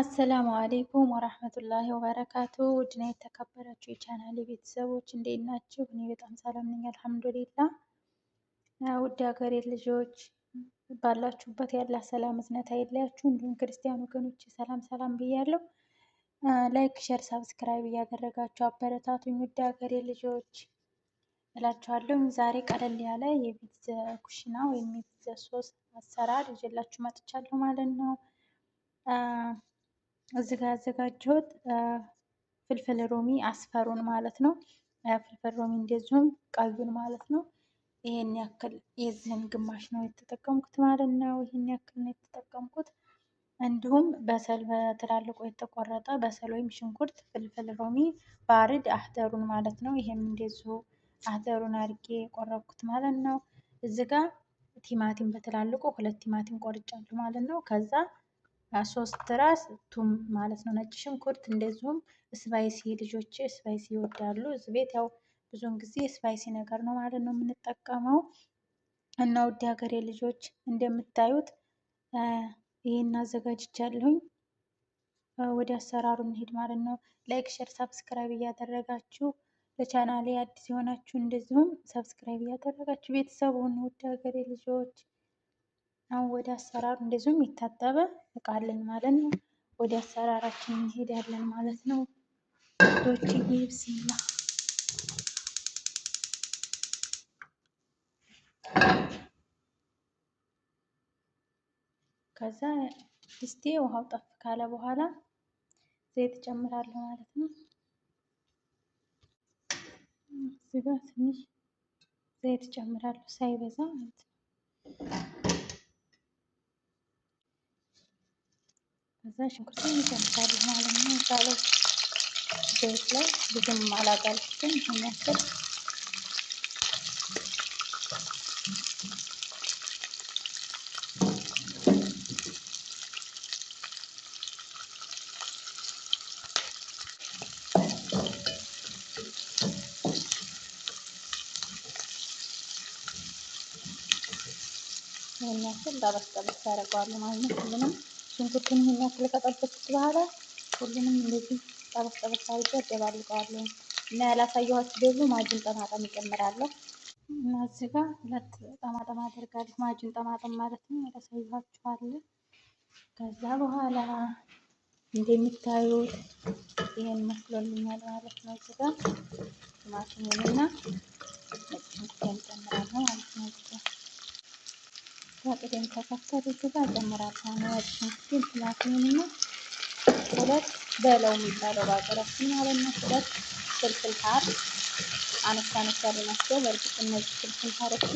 አሰላሙ አሌይኩም ወራህመቱላሂ ወበረካቱ ውድና የተከበራችሁ የቻናል ቤተሰቦች እንዴት ናችሁ? እኔ በጣም ሰላም ነኝ አልሐምዱሊላ። ውድ ሀገሬ ልጆች ባላችሁበት ያለ ሰላም እዝነት አይለያችሁ። እንዲሁም ክርስቲያን ወገኖች ሰላም ሰላም ብያለሁ። ላይክ፣ ሸር፣ ሳብስክራይብ እያደረጋችሁ አበረታቱኝ ውድ ሀገሬ ልጆች እላችኋለሁ። ዛሬ ቀለል ያለ የቢትዘ ኩሽና ወይም የቢትዘ ሶስ አሰራር ይዤላችሁ መጥቻለሁ ማለት ነው። እዚህ ጋር ያዘጋጀሁት ፍልፍል ሮሚ አስፈሩን ማለት ነው። ፍልፍል ሮሚ እንደዚሁም ቀዩን ማለት ነው። ይህን ያክል የዚህን ግማሽ ነው የተጠቀምኩት ማለት ነው። ይህን ያክል ነው የተጠቀምኩት። እንዲሁም በሰል በትላልቁ የተቆረጠ በሰል ወይም ሽንኩርት፣ ፍልፍል ሮሚ፣ ባርድ አህደሩን ማለት ነው። ይህም እንደዚሁ አህደሩን አድርጌ የቆረኩት ማለት ነው። እዚህ ጋር ቲማቲም በትላልቁ ሁለት ቲማቲም ቆርጫለሁ ማለት ነው። ከዛ ሶስት ራስ ቱም ማለት ነው። ነጭ ሽንኩርት እንደዚሁም ስፓይሲ ልጆች ስፓይሲ ይወዳሉ። እዚህ ቤት ያው ብዙውን ጊዜ ስፓይሲ ነገር ነው ማለት ነው የምንጠቀመው እና ውድ ሀገሬ ልጆች እንደምታዩት ይህን አዘጋጅቻለሁኝ። ወደ አሰራሩ እንሄድ ማለት ነው። ላይክ፣ ሸር፣ ሳብስክራይብ እያደረጋችሁ ለቻናሌ አዲስ የሆናችሁ እንደዚሁም ሰብስክራይብ እያደረጋችሁ ቤተሰቡን ውድ ሀገሬ ልጆች አሁን ወደ አሰራሩ እንደዚሁም የታጠበ እቃለን ማለት ነው። ወደ አሰራራችን እንሄዳለን ማለት ነው። ዶች ይብስና ከዛ ድስቴ ውሃው ጠፍ ካለ በኋላ ዘይት ጨምራለሁ ማለት ነው። እዚህ ጋር ትንሽ ዘይት ጨምራለሁ ሳይበዛ ማለት ነው። ከዛ ሽንኩርቱን እንጨምራለን ማለት ነው። ዛለ ዘይት ላይ ብዙም አላጋልኩትም ይሄን ያክል ያክል ጠበስ ጠበስ ታደርገዋለህ ማለት ነው ሁሉንም ሽንኩርቱን ይሄን ያክል ከጠበስኩት በኋላ ሁሉንም እንደዚህ ጠበስ ጠበስ አድርጌ አደባልቀዋለሁ እና ያላሳየኋችሁ ደግሞ ማጅን ጠማጠም እጨምራለሁ እና እዚህ ጋር ሁለት ጠማጠም አደርጋለሁ። ማጅን ጠማጠም ማለት ነው ያላሳየኋችኋለሁ። ከዛ በኋላ እንደሚታዩት ይሄን መስሎልኛል ማለት ነው። እዚህ ጋር ቲማቲሙንና ነጭ ሽንኩርቱን እጨምራለሁ ማለት ነው። እዚህ ቅደም ተከተል እዚህ ጋር እጨምራለሁ። ነጭ ሽንኩርት፣ ቲማቲም እና ሁለት በለው የሚባለው በአገራችን ማለት ነው። ሁለት ፍልፍል ሀር አነሳ አነሳ ያሉ ናቸው። በእርግጥ እነዚህ ፍልፍል ሀሮቹ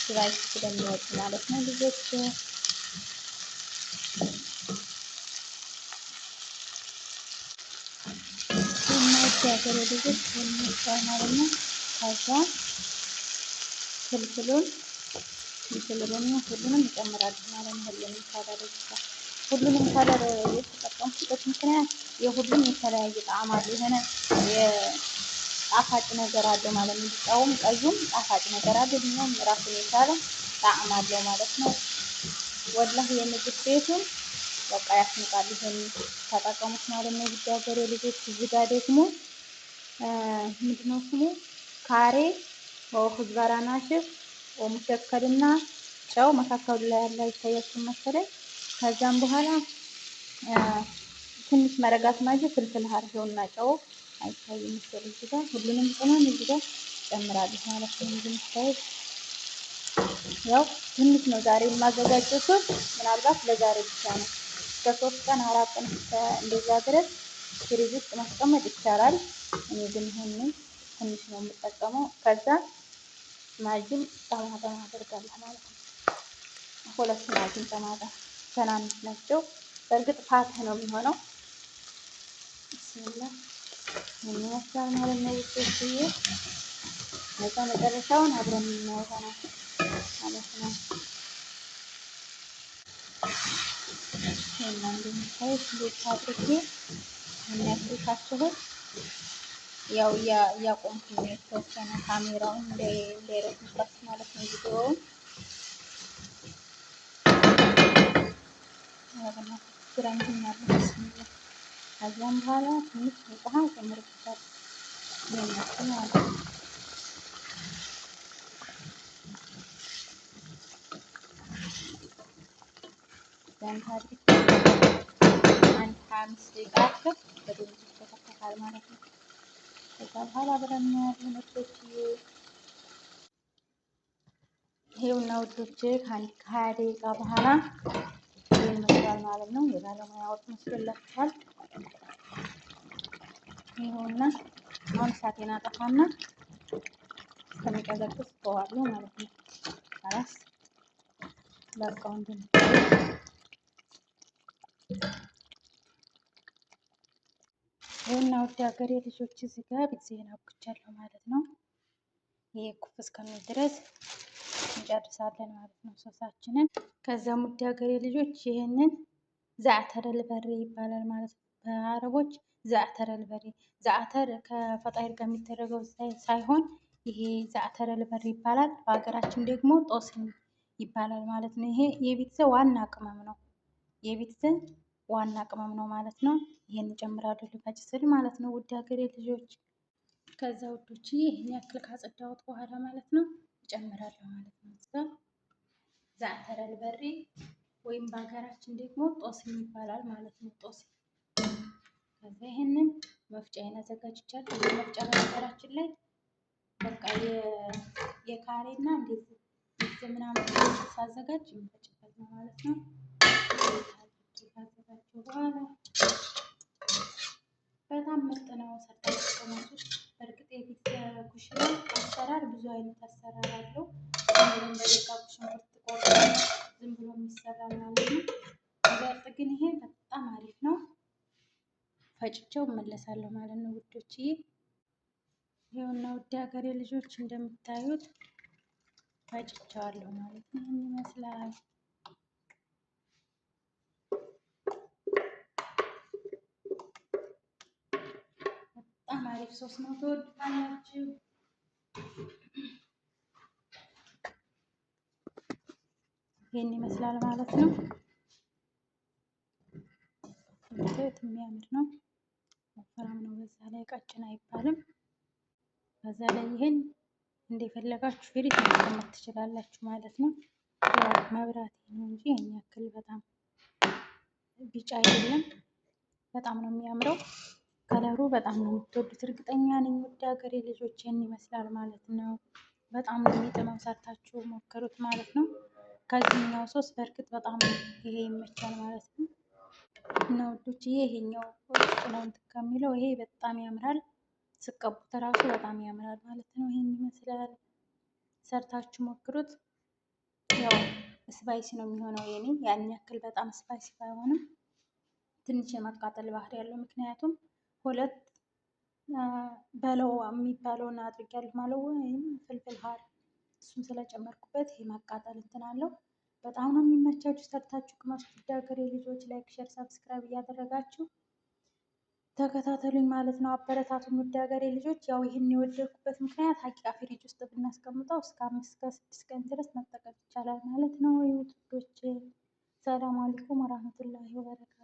ስባይስ ስለሚወጡ ማለት ነው ልጆች የማይወዱ ልጆች የሚባል ማለት ነው። ከዛ ፍልፍሉን ምስልምና ሁሉንም ይጨምራል ማለት ነው። ሁሉንም ካለር ሁሉንም ካለር የተጠቀምኩበት ምክንያት የሁሉም የተለያየ ጣዕም አለ። የሆነ የጣፋጭ ነገር አለው ማለት ነው። ቢጫውም ቀዩም ጣፋጭ ነገር አለ። እኛም ራሱን የቻለ ጣዕም አለው ማለት ነው። ወላህ የምግብ ቤቱን በቃ ያስንቃል። ይሄን ተጠቀሙት ማለት ነው። ውድ ሀገሬ ልጆች እዚህ ጋር ደግሞ ምንድነው ስሙ ካሬ ወ ጋራ ናሽፍ ኦም ሸከር እና ጨው መካከሉ ላይ ያለ ይታያችሁ መሰለኝ። ከዛም በኋላ ትንሽ መረጋት ማጅ ፍልፍል እና ጨው አይታይ ምስል እዚህ ጋር ሁሉንም ቅመም እዚህ ጋር ጨምራለሁ ማለት ነው። እንደምታዩት ያው ትንሽ ነው ዛሬ የማዘጋጀቱን ምናልባት ለዛሬ ብቻ ነው። እስከ ሶስት ቀን አራት ቀን እንደዛ ድረስ ፍሪጅ ውስጥ ማስቀመጥ ይቻላል። እኔ ግን ይሄንን ትንሽ ነው የምጠቀመው ከዛ ማጅም ጠማጠም አደርጋለሁ ማለት ነው። ሁለት ማጅም ጠማጠም ትናንሽ ናቸው። በእርግጥ ፋትህ ነው የሚሆነው። ብስሚላ የሚመስላል ማለት ነው ውጤት ብዬ ነጻ መጨረሻውን አብረን የምናወጣ ማለት ነው። ይህና እንደሚታየት ሉት አድርጌ የሚያስልካችሁን Ya, ya, ya, komplainnya ke channel kami, rong de deh, resep-resepnya itu Ya, karena kurang sinar, habis ini, ayam halal, ini mie paha, kemaruk kecap, ada yang ngasih yang ada. Dan hati kita, manfaat, sikat, ketidaksuka, ከዛ በኋላ አብረን እናያለን ምርቶች። ይሄውና ውዶች ከሀያ ደቂቃ በኋላ ይህን ይመስላል ማለት ነው። የባለሙያ ወጥ መስሎላችኋል። ይኸውና አሁን እሳቴን አጠፋና እስከሚቀዘቅዝ ተዋለሁ ማለት ነው። አላስ ለቃው እንድን ይህና ውድ ሀገሬ ልጆች እዚህ ጋር ጊዜን አብቅቻለሁ ማለት ነው። ይሄ ኩፍ እስከሚል ድረስ እንጨርሳለን ማለት ነው ሶሳችንን። ከዛም ውድ ሀገሬ ልጆች ይህንን ዛዕተረል በሬ ይባላል ማለት ነው በአረቦች ዛዕተረል በሬ። ዛዕተር ከፈጣሪ ጋር የሚደረገው ሳይሆን ይሄ ዛዕተረል በሬ ይባላል። በሀገራችን ደግሞ ጦስኝ ይባላል ማለት ነው። ይሄ የቤተሰብ ዋና ቅመም ነው የቤተሰብ ዋና ቅመም ነው ማለት ነው። ይህን ጨምራሉ ልፈጭ ስል ማለት ነው። ውድ ሀገሬ ልጆች ከዛ ውዶች ይህን ያክል ካጸዳሁት በኋላ ማለት ነው እጨምራለሁ ማለት ነው። እዛ ዛዕተረ በሬ ወይም በሀገራችን ደግሞ ጦስኝ ይባላል ማለት ነው። ጦስኝ ከዛ ይህንን መፍጫ መፍጫዬን አዘጋጅቻለሁ። መፍጫ በነገራችን ላይ በቃ የካሬ እና እንዴት ምናምን ሳዘጋጅ የምፈጭበት ነው ማለት ነው። በጣም ምርጥ ነው። ሰርታችሁ ተቀመጡት። በእርግጥ ኩሽና አሰራር ብዙ አይነት አሰራር አለው። ምንም ሽንኩርት ቆርጦ ዝም ብሎ የሚሰራ ማለት ነው። ግን ይሄ በጣም አሪፍ ነው። ፈጭቸው እመለሳለሁ ማለት ነው ውዶች። ይሄውና ውድ ሀገሬ ልጆች እንደምታዩት ፈጭቸዋለሁ ማለት ነው። ይህን ይመስላል። በጣም አሪፍ ሶስ ነው። ትወዱታላችሁ። ይህን ይመስላል ማለት ነው። ት የሚያምር ነው። ወፍራም ነው። በዛ ላይ ቀጭን አይባልም። በዛ ላይ ይህን እንደፈለጋችሁ ፍሪት መቀመጥ ትችላላችሁ ማለት ነው። መብራት ነው እንጂ ይህን ያክል በጣም ቢጫ አይደለም። በጣም ነው የሚያምረው። ከለሩ በጣም ነው የምትወዱት እርግጠኛ ነኝ። ውድ ሀገሬ ልጆችን ይመስላል ማለት ነው። በጣም ነው የሚጥመው። ሰርታችሁ ሞክሩት ማለት ነው። ከዚህኛው ሶስ በእርግጥ በጣም ይሄ ይመቻል ማለት ነው። እና ውዶች ይሄኛው ጥለውን ከሚለው ይሄ በጣም ያምራል። ስቀቡት እራሱ በጣም ያምራል ማለት ነው። ይህን ይመስላል። ሰርታችሁ ሞክሩት። ያው ስፓይሲ ነው የሚሆነው የኔ ያን ያክል በጣም ስፓይሲ ባይሆንም ትንሽ የመቃጠል ባህሪ ያለው ምክንያቱም ሁለት በለዋ የሚባለውን አድርጊያለሁ ማለት ወይም ፍልፍል ሀር እሱም ስለጨመርኩበት ይህ ማቃጠል እንትን አለው። በጣም ነው የሚመቻችሁ። ሰርታችሁ ቅመሱት። ውድ ሀገሬ ላይክ፣ ሸር፣ ሰብስክራይብ እያደረጋችሁ ተከታተሉኝ ማለት ነው። አበረታቱን ውድ ሀገሬ ልጆች። ያው ይህን የወደድኩበት ምክንያት ሀቂቃ ፍሪጅ ውስጥ ብናስቀምጠው እስከ አምስት እስከ ስድስት ቀን ድረስ መጠቀም ይቻላል ማለት ነው። ውዶቼ ሰላም አለይኩም ወራህመቱላሂ ወበረካቱ